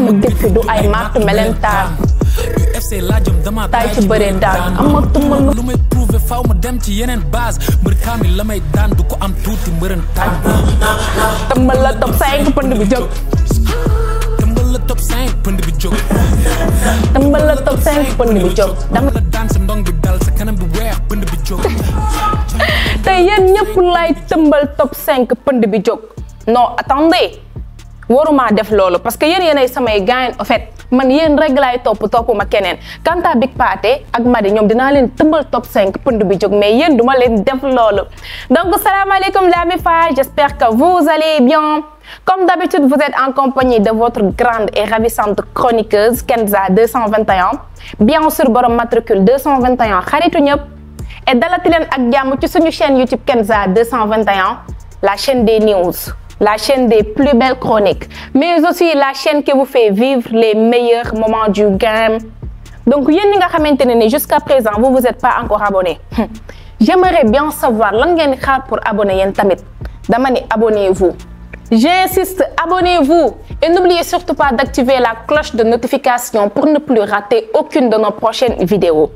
mu dëkk du ay màtt melentaan FC laajam dama tay ci bëree daan amatuma lu may prouvé faw ma dem ci yeneen base du ko am la top 5 pënd bi jóg la top 5 pënd bi jóg la top 5 pënd bi jóg dama la daan ndong bi dal sa kanam bi pënd bi lay tëmbal top 5 pënd bi jóg non attendez waruma def lolu parce que vous yéenay samay gain en fait man yéen rek lay top top quant à Big Pathé ak Madi ñom dina len teumbal top 5 pour bi jog mais yéen duma len def lolu donc salam la mi fa j'espère que vous allez bien Comme d'habitude, vous êtes en compagnie de votre grande et ravissante chroniqueuse Kenza 221, bien sûr borom matricule 221 xaritu ñep et dalati télé ak jamm ci suñu chaîne YouTube Kenza 221, la chaîne des news la chaîne des plus belles chroniques, mais aussi la chaîne qui vous fait vivre les meilleurs moments du game. Donc, jusqu'à présent, vous vous êtes pas encore abonné. J'aimerais bien savoir ce pour abonner. Abonnez-vous. J'insiste, abonnez-vous et n'oubliez surtout pas d'activer la cloche de notification pour ne plus rater aucune de nos prochaines vidéos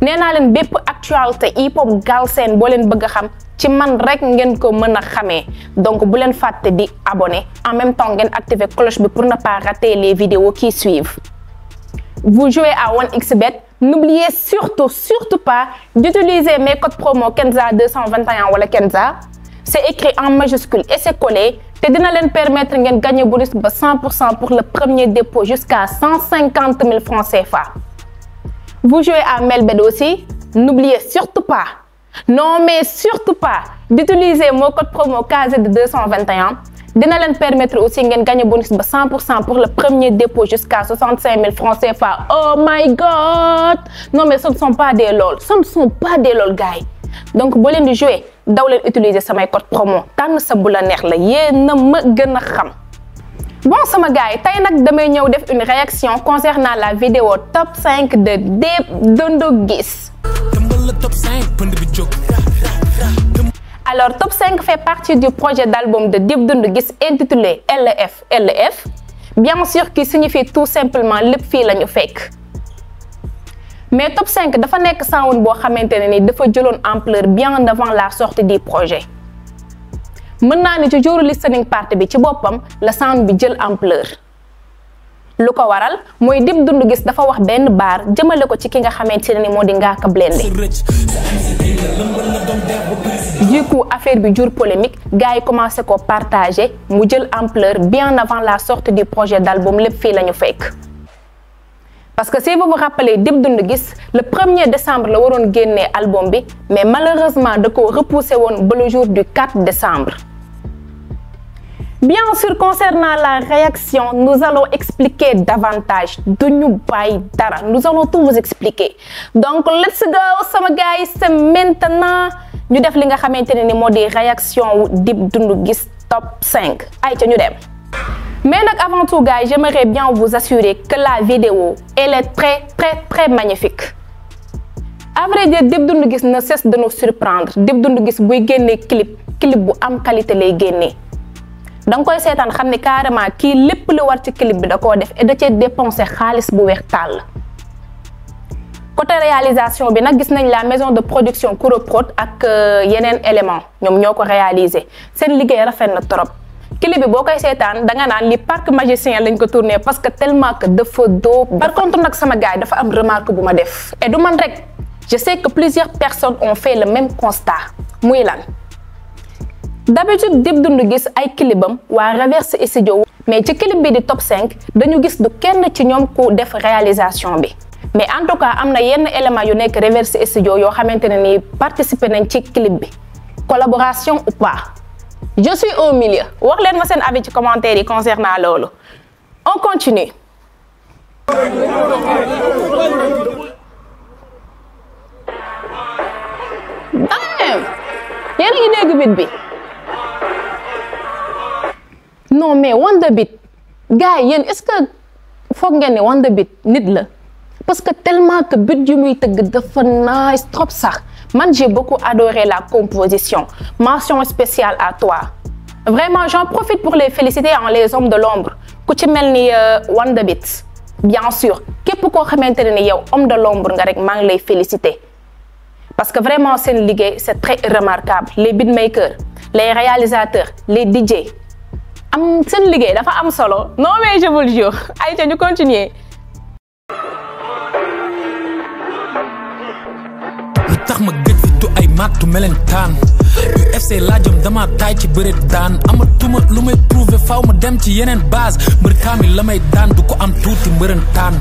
nee naa leen bépp actualité hip hop galsen boo bëgg xam ci man rek ko donc bu leen fàtte di abonné en même temps ngeen activer cloche pour ne pas rater les vidéos qui suivent vous jouez à 1xBet n'oubliez surtout surtout pas d'utiliser mes codes promo Kenza 221 wala Kenza c'est écrit en majuscule et c'est collé te dina leen permettre ngeen gagner bonus ba 100 pour le premier dépôt jusqu'à 150 000 francs CFA vous jouez à Melbed aussi, n'oubliez surtout pas, non mais surtout pas, d'utiliser mon code promo KZ 221. Dina permettre aussi de gagner bonus de 100% pour le premier dépôt jusqu'à 65 000 francs CFA. Oh my god! Non mais ce ne sont pas des lol, ce ne sont pas des lol guys. donc si vous voulez jouer vous utiliser code promo tant que ce la la vous bon sama gars une réaction concernant la vidéo top 5 de Deep DundoGis. Gis. alors top 5 fait partie du projet d'album de Deep Doundou intitulé LF LF bien sûr qui signifie tout simplement le fil à mais top 5 dafa nekk ampleur bien avant la sortie du projet maintenant naa ne ci jouru listening party bi ci bopam la sound bi jël ampleur lu ko waral moy Dip Doundou Guiss dafa wax ben bar jëmele ko ci ki nga xamanteni ne ni moo di Ngaaka du coup affaire bi jur polémique gaay commencé ko partager mu jël ampleur bien avant la sortie du projet d'album lepp fi lañu fekk parce que si vous vous rappelez le 1er décembre la waroon génnee album bi mais malheureusement de ko repoussé won ba le jour du 4 décembre Bien sûr, concernant la réaction, nous allons expliquer davantage. Nous allons tout vous expliquer. Donc, let's go, some guys. Maintenant, nous devons des réactions top 5. Allez, nous devons. Mais avant tout, guys, j'aimerais bien vous assurer que la vidéo, elle est très, très, très magnifique. À vrai dire, Dip ne cesse de nous surprendre. Dip Dundugis, vous avez clip, clip, vous avez qualité, dang koy sétane xam carrément ki lépp lu war ci clip bi da ko def et da ci dépenser xaliss bu weex tal côté réalisation bi nak gis nañ la maison de production Kuroprod ak euh, yenen élément ñom ñoko réaliser réalisé seen liggéey rafet na trop. clip bi bokay sétane da nga naan li parc magicien lañ ko tourner parce que tellement que de doo par contre nak sama gars yi dafa am remarque buma def et du man rek je sais que plusieurs personnes ont fait le même constat muy lan d'habitude Dip Doundou gis ay kilibam wa Reverse Studio mais ci clip bi di top 5 dañu gis du kenn ci ñom ko def réalisation bi mais en tout cas amna yenn élément yu nek Reverse Studio yo xamanteni ni participer nañ ci clip bi collaboration ou pas je suis au milieu wax len ma seen avis ci commentaire concernant loolu on continue ah! yéen a ngi dégg bit bi non mais Wanda Beat gars est-ce que foog ngeen ne Wanda Beat parce que tellement que beat but est tëgg dafa nice trop ça. man j'ai beaucoup adoré la composition mention spéciale à toi vraiment j'en profite pour les féliciter en les hommes de l'ombre ku ci euh, Wonderbit. bien sûr qui pourquoi xamante ni yow homme de l'ombre nga rek les féliciter parce que vraiment ligue, c'est très remarquable les beatmakers les réalisateurs les DJ am seen liggéey dafa am solo non mais je vous ay ca ñu continuer lu tax ma gëj fi du ay mattu melentaan UFC laajom dama taay ci bëreet daan amatuma lu may prouver faw ma dem ci yeneen baas mbër kaamil la may daan du ko am tuuti mbërëntaan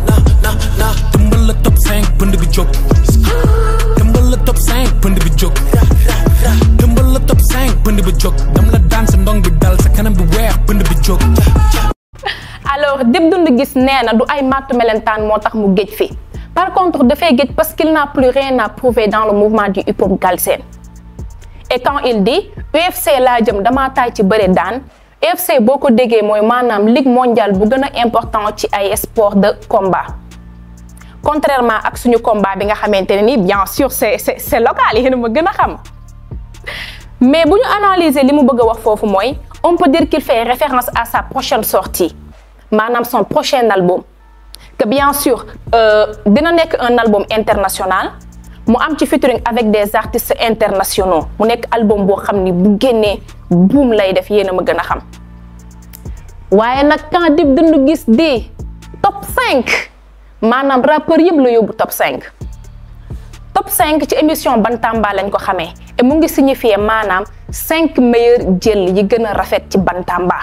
tëmbal la top 5 pënd bi jóg tëmbal la top 5 pënd bi jóg tëmbal la dam la daan sa ndong bi dal sa kanam bi weex pënd bi jóg alors Dip Doundou Guiss nee na du ay màttu melentaan moo tax mu géej fi par contre dafay géej parce qu'il n'a plus rien à prouver dans le mouvement du hip hop galsen et quand UFC laa jëm dama taay ci bëre daan UFC boo ko déggee mooy maanaam ligue mondiale bu gën a important ci ay sport de combat contrairement à ce combat bi nga xamante bien sûr c'est local ma gëna xam mais si nous analyser ce bëgg a wax on peut dire qu'il fait référence à sa prochaine sortie manam son prochain album que bien sûr euh, dina nekk un album international mu am ci featuring avec des artistes internationaux mu un album qui xamni très, bu génné boom, lay def yéen a ma gëna xam waye nak quand dib dund top 5 maanaam rappeur yëpp la yóbbu top 5 top 5 ci émission ban tamba lañ ko xamee et mu ngi signifié maanaam 5 meilleurs jël yi gën a rafet ci ban tamba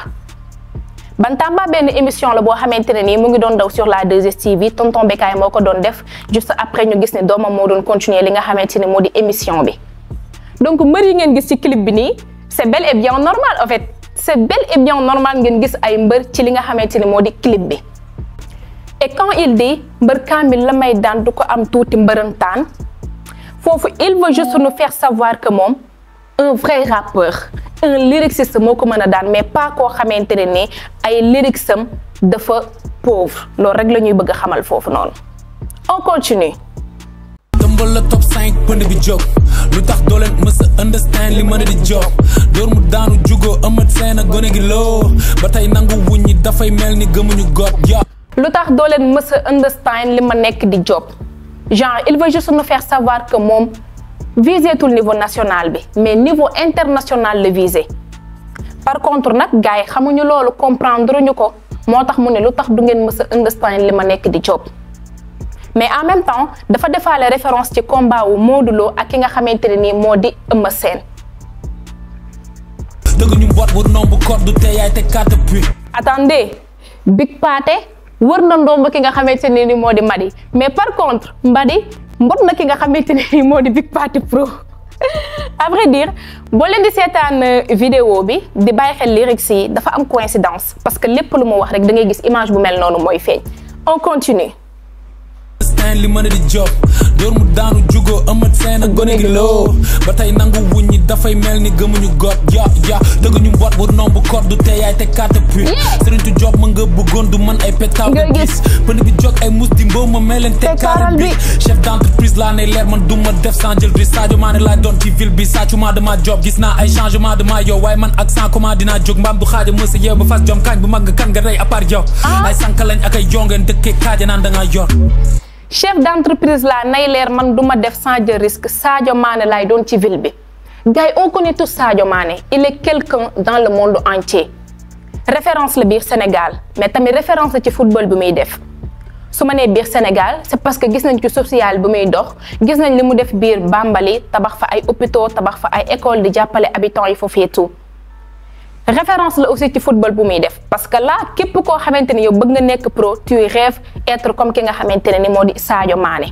ban tamba benn émission la boo xamante ne nii mu ngi doon daw sur la 2 tv tonton Bécaye moo ko doon def juste après ñu gis ne doomam moo doon continuer li nga xamante ne moo di émission bi. donc mbër yi ngeen gis ci clip bi nii c'est bel et bien normal en fait c'est bel et bien normal ngeen gis ay mbër ci li nga xamante ne moo di clip bi. et quand il dit mbër kaamil la may daan du ko am tuuti mbërëntaan foofu il veut juste nous faire savoir que moom un vrai rappeur un lyriciste moo ko mën a daan mais pas koo xamante ne ni ay lyricsam dafa pauvre loolu rek lañuy bëgg a xamal foofu noonu on continue. dëmbal la top 5 pënd bi jóg lu tax doo leen understand li mën a di jóg dóor mu daanu jugoo amat seen a gone gi loo ba tey nangu wuñ ñi dafay mel ni gëmuñu got Le tax doo understand di job genre il veut juste nous faire savoir que mom visé le niveau national mais niveau international le par contre nak gars xamuñu comprendre mu ne du di job mais en même temps dafa la référence ci combat wu Modulo ak ki nga attendez Big Paté wër na ndomb ki nga xamante ne ni moo di Madi mais par contre Mbadi mbot na ki nga xamante ne ni moo di Big Party Pro à vrai dire boo leen di seetaan euh, vidéo bi di bàyyi xel lyrics yi dafa am coïncidence parce que lépp lu mu wax rek da ngay gis image bu mel noonu mooy feeñ on continue. dóor mu daanu jugoo ëmmat seen ak gone gi loo ba tey nangu wuñ ñi dafay mel ni gëmuñu got ya ya dëgguñu mbot bu nomb kor du teeyaay te kaata puis sëriñ tu job ma nga bëggoon du man ay pétaw nga ay mus di ma mel leen te kaaral bi chef d'entreprise laa ne leer man du ma def sans jël risque Sadio Mané laa doon ci bi sàccuma dama job gis naa ay changement dama yow waaye man ak sans comment dinaa jóg mbaam du xaaja mësa yeew ba fas jom bu mag kan nga rey à part yow ah! ay sànk lañ ak ay yongeen dëkkee naan dangaa yor chef d'entreprise là, laa nay man duma def sans jël risque Sadio Mané laay doon ci ville bi gars on connaît tout Sadio Mané il est quelqu'un dans le monde entier référence le bir Sénégal mais tamit référence ci football bi muy def suma né bir Sénégal c'est parce que gis nañ ci social bi muy dox gis nañ limu def bir Bambali tabax fa ay hôpitaux tabax fa ay école di jappalé habitants yi fofé tout référence la aussi ci football bu muy def parce que là képp koo xamante ni yow bëgg nga nekk pro tu rêves être comme ki nga xamante ne ni moo di Sadio Mané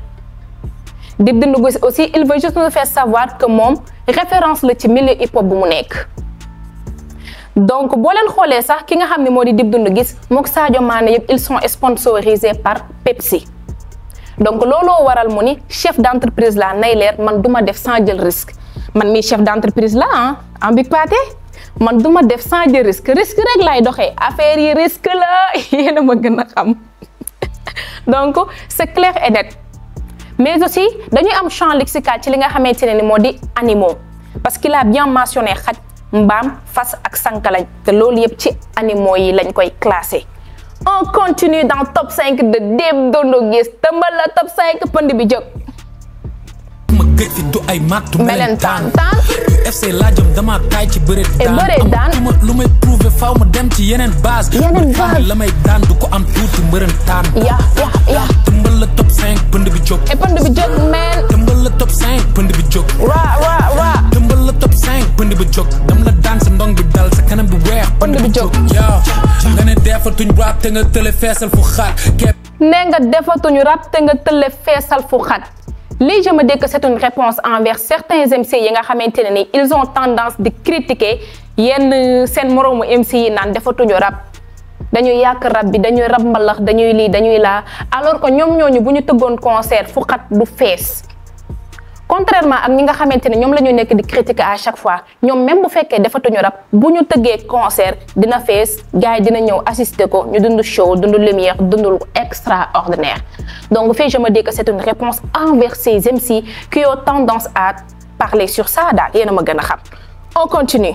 Dip Doundou aussi il veut juste nous faire savoir que moom référence la ci milieu hip hop bu mu nekk donc boo leen xoolee sax ki nga xam ne moo di Dip Doundou Sadio Mané ils sont sponsorisés par Pepsi donc Lolo waral mu chef d'entreprise la nay leer man duma def sans jël risque man mii chef d'entreprise la ah hein, en Big Pathé man du ma def sans risque risque rek laay doxee affaire yi risque la yéen a ma gën a xam donc c'est clair et net mais aussi dañuy am champ lexical ci li nga xamante ne ni moo di animaux parce que la bien mentionné xaj mbaam fas ak sànq lañ te loolu yëpp ci animaux yi lañ koy classé. on continue dans top cinq de Deb Doundou Guiss tëmbal la top 5 pënd bi jóg. bég fi du ay mag du melentaan UFC la jom dama tay ci bëre e dan amatuma lu may prouvé faw ma dem ci yenen base yenen base la may dan du ko am tuuti tan ya ya ya, ya tumbal la top 5 pënd bi jog e pënd bi jog men tumbal la top 5 pënd bi jog ra ra ra tumbal la top 5 pënd bi jog dam la dan sa ndong bi dal sa kanam bi weex pënd bi jog ya nga ne tuñ rap te nga tële fessel fu xat ne nga defatuñ rap te nga tële fessel fu xat lii je me dis que c'est une réponse envers certains MC yi nga xamante ils ont tendance de critiquer yenn sen moroomu MC yi naan defatuñu rap dañuy yak rap bi dañuy rab mbalax dañuy li dañuy la alors que ñom ñooñu buñu teggone concert fu xat du fess contrairement ak ñi nga xamanteni ñom lañu la nekk di critiquer à chaque fois ñom même bu des defatuñu rap bu ñu concert dina fess gaay dina ñëw assister ko ñu dund show dund lumière dund extraordinaire donc fait, je me dis que c'est une réponse envers ces MC qui ont tendance à parler sur ça ma gëna xam on continue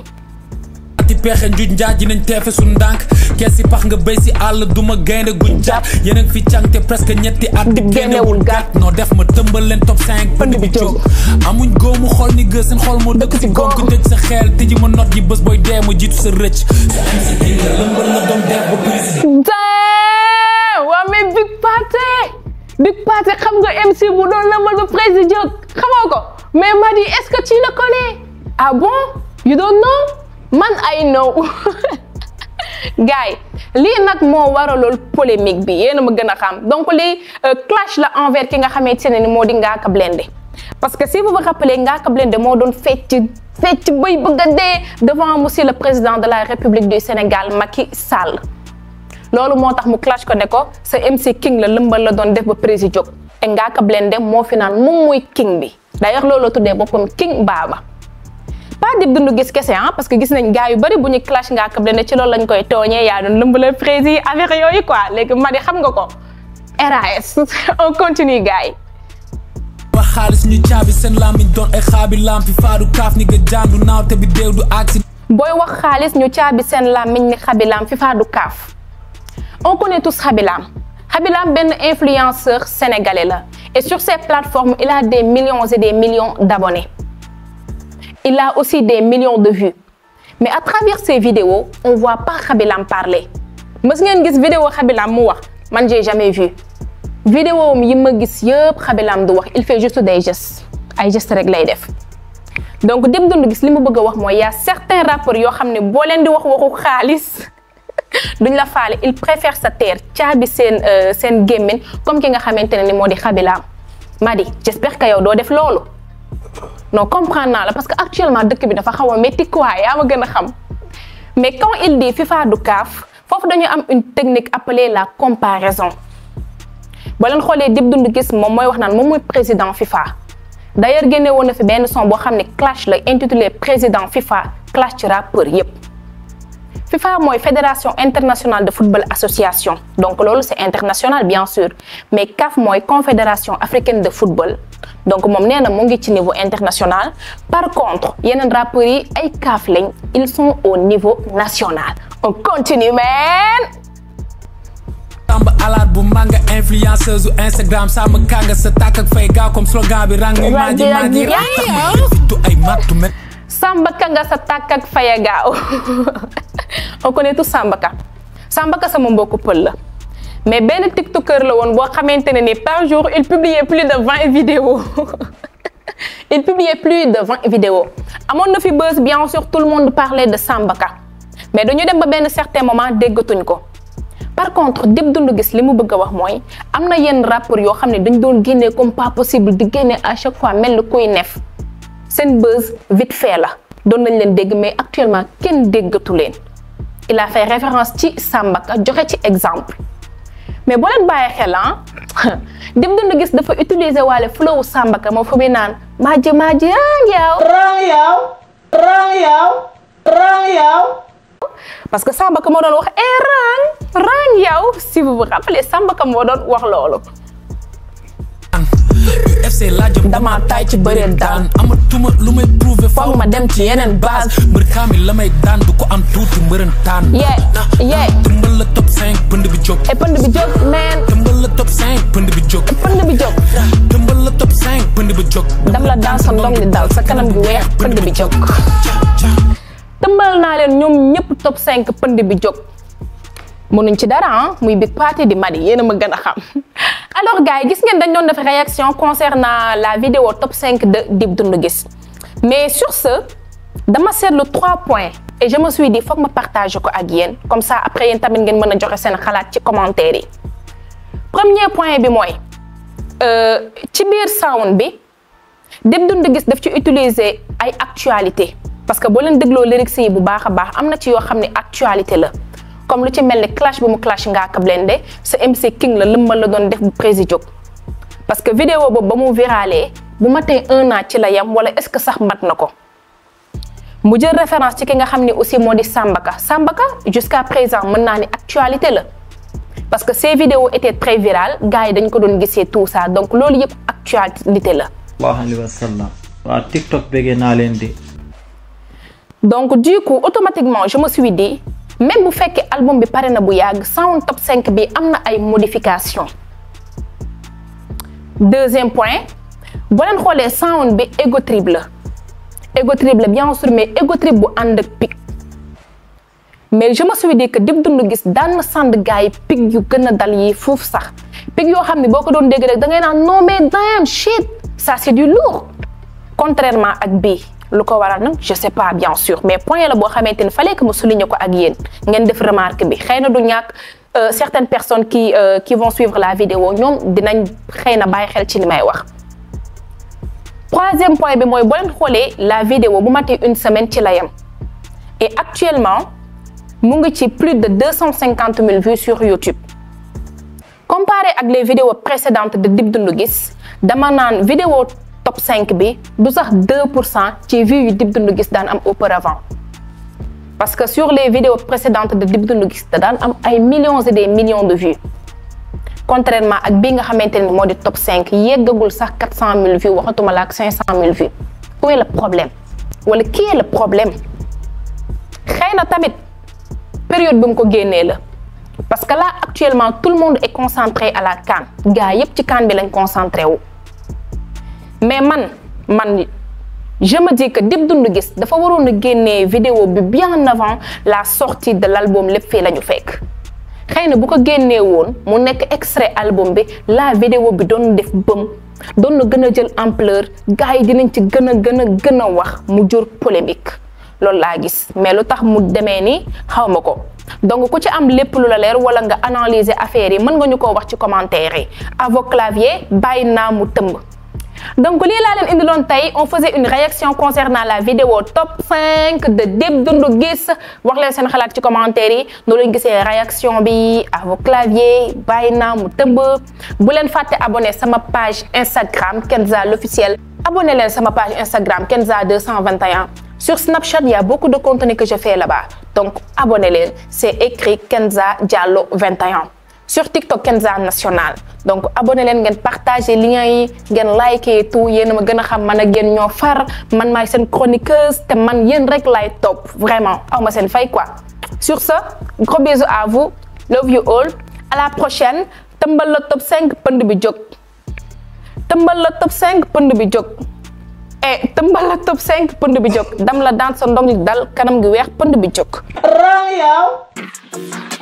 pexe njuj njaaj dinañ teefe suñ ndànk kees yi pax nga béy si àll duma gaynde guñ jàpp yeneen fi càngte presque ñetti at di génnewul gàtt noo def ma tëmbal leen top 5 pënd bi jóg amuñ góomu xol ni gë seen xol moo dëkk si gonk tëj sa xeel tëji ma not yi bés booy dee ma jiitu sa rëcc waa mais Big Paté Big Paté xam nga MC bu doon lëmbal ba président xamoo ko mais Madi est-ce que tu ah bon you don't know man I know gars li nak mo moo polémique bi yéen a ma xam donc li euh, clash la envers ki nga xamé ne ni moo di parce que si vous vous rappelez ka blendé mo doon fait fecc bay bëgg dé devant monsieur le président de la République du Sénégal Macky Sall Lolu motax mu clash ko né ko sa MC King la lëmbal la don def ba président jóg et nga Blindé moo fi naan mo moy King bi d'ailleurs loolu la tuddee King Baba pas di dund gis kessé hein ah, parce que gis nañ gaay yu bari buñu clash nga kable ne ci lool lañ koy togné ya done doon le prési affaire yooyu quoi légui ma di xam nga ko RAS on continue gaay yi wax xaalis ñu caabi sen làmmiñ doon ay xaabi lampi faadu kaaf ni nga jaandu naaw bi deew du agsi booy wax xaalis ñu caabi seen làmmiñ ni xabilaam fi faadu kaaf on connaît tous xabilaam xabilaam ben influenceur sénégalais la et sur ces plateformes il a des millions et des millions d'abonnés il a aussi des millions de vues. Mais à travers ces vidéos, on ne voit pas Khabilam parler. Vous avez vu vidéo Khabilam moi Moi, je jamais vu. Vidéo que Khabilam il fait juste des gestes. Des gestes réglés. donc Dip Doundou Guiss li mu bëgg a wax il y' a certains rappeurs qui ont ne boo leen di wax waxu Khalis, duñ la faale il préfère sa terre caabi seen euh, seen gémmiñ comme ki nga xamante ne ni moo di Madi j'espère que yow doo def loolu non comprendre nous parce qu'actuellement, actuellement dëkk bi dafa xaw a métti quoi yaa ma gën mais quand il dit FIFA du CAF foofu dañu am une technique appelée la comparaison ba leen xoolee Dip Doundou Guiss moom mooy wax naan moom de président FIFA d'ailleurs il y na fi benn son boo xam ne clash la intitulé président FIFA clashera pour rappeur FIFA la fédération internationale de football association donc c'est international bien sûr mais CAF la confédération africaine de football donc on suis au niveau international par contre a un drapeau et CAF ils sont au niveau national on continue man. on connaît tous Samba Ka Samba Ka sama mbokku pël la mais ben tiktoker la woon boo xamante ni par jour il publiait plus de 20 vidéos il publiait plus de 20 vidéos À mon fi buzz bien sûr tout le monde parlait de Samba Ka mais dañu dem ba benn certain moment déggatuñ ko par contre depuis Doundou Guiss li mu bëgg a wax mooy am na yenn rappeurs yoo dañ doon comme pas possible de génne à chaque fois mel ni kuy C'est une buzz vite fait la doon nañ leen dégg mais actuellement kenn déggatu leen il a fait référence ci Samba Ka joxe ci exemple mais boo vous bàyyi xel ah Dip Doundou Guiss dafa utiliser le flow Samba Ka vous fu muy maji, rang yow rang yow rang yow parce que Samba m'a dit wax eh rang rang yow si vous vous rappelez Samba m'a dit doon wax FC laa jëm damaa tay ci bëree daan amatuma lu may prouver foog ma dem ci yeneen base mbër kaamil la may du ko am tuuti mbërëntaan yee tëmbal la top 5 pënd bi jóg e eh, pënd bi jóg man tëmbal la top 5 pënd bi jóg pënd bi jóg tëmbal la top 5 pënd bi jóg dam la daan sa ndom li dal sa kanam gi weex pënd bi jóg tëmbal naa leen ñoom ñëpp top 5 pënd bi jóg mënuñ ci dara hein muy Big Paté di mari yéen a ma gën a xam alors gars yi gis ngeen dañ doon def réaction concernant la vidéo top 5 de Dib dund Guiss mais sur ce dama seetlu 3 points et je me suis dit foog ma partager ko ak yéen comme ça après yéen tamit ngeen mën a joxe seen ci commentaire yi premier point bi mooy euh, ci biir sound bi dib dund Guiss daf ci utiliser ay actualité parce que boo leen dégloo lyrics yi bu baax a baax am na ci yoo xam actualité la comme lu ci mel clash bu mu clash Ngaaka blendé ce MC King la lëmbal la doon def bu président parce que vidéo boobu ba mu viralee bu un an ci la yam wala est-ce que sax mat nako mu jël référence ci ki nga xamni aussi modi Sambaka Sambaka jusqu'à présent mën naa ne actualité la parce que ces vidéos étaient très virales gars yi dañ ko doon gissé tout ça donc lolu yëpp actualité la. sallallahu alayhi wa TikTok bëggee na len di. donc du coup automatiquement je me suis dit même bu fekkee album bi paré na bu yag sound top 5 bi amna ay modification deuxième point bo len xolé sound bi ego trip la ego trip bien sûr mais ego trip bu and ak mais je me suis dit que Dip Doundou gis dans na sand gaay yi pic yu gëna dal yi foofu sax pic yo xamni boko don dégg rek da ngay non mais damn shit ça c'est du lourd contrairement ak B je ne je sais pas bien sûr mais point la bo xamante fallait que je souligne ko ak yéen ngeen def remarque bi euh, certaines personnes qui euh, qui vont suivre la vidéo ñom dinañ vont pas xel ci limay wax. troisième point bi que la vidéo bu maté une semaine ci la et actuellement mu ngi ci plus de 250 000 vues sur YouTube. comparé avec les vidéos précédentes de Dip dundu gis dama une vidéo top 5 bi du sax 2 ci vues yu Dip Doundou auparavant parce que sur les vidéos précédentes de Dip Doundou Guiss da daan am ay millions et des millions de vues contrairement ak que nga xamante ni moo di top 5 yeggagul sax 400 000 vues waxatuma 500 000 vues où est le problème wala qui est le problème xëy na tamit période bi mu ko génnee la parce que là actuellement tout le monde est concentré à la canne gars yépp ci concentrés bi lañ concentré mais man man je me dis que Dip Doundou Guiss dafa waroon a génnee vidéo bi bien avant la sortie de l'album lépp fii la ñu fekk xëy na bu ko génnee woon mu nekk extrait album bi la vidéo bi doon def bëm doon na gën a jël ampleur gars yi dinañ ci gën a gën a gën a wax mu jur polémique loolu laa gis mais lu tax mu demee ni xaw ma ko donc ku ci am lépp lu la leer wala nga analyser affaire yi mën nga ñu ko wax ci commentaire yi avo bàyyi naa mu tëmb donc on faisait une réaction concernant la vidéo top 5 de Deb Dundugis. Vous wax leen seen un ci commentaire yi noo réaction à vos claviers bàyyi naa mu une bu à vous à ma page Instagram Kenza l'officiel abonnez-vous à ma page Instagram Kenza 221 sur Snapchat il y a beaucoup de contenu que je fais là-bas donc abonnez vous c'est écrit Kenza Diallo 21 sur TikTok Kenza National donc abonnez leen partagez partagé lien yi ngeen et tout yéen a ma gën a xam man ak yéen ñoo far man maay seen chroniqueuse te man yéen rek laay vraiment aw ma seen fay quoi. sur ce gros bisous à vous love you all à la prochaine tëmbal le top 5 pënd bi jóg tëmbal le top 5 pour bi jóg Eh, tëmbal le top 5 pënd bi jóg dam la danse, sa ndong dal kanam gi weex pënd bi jóg. rang yow.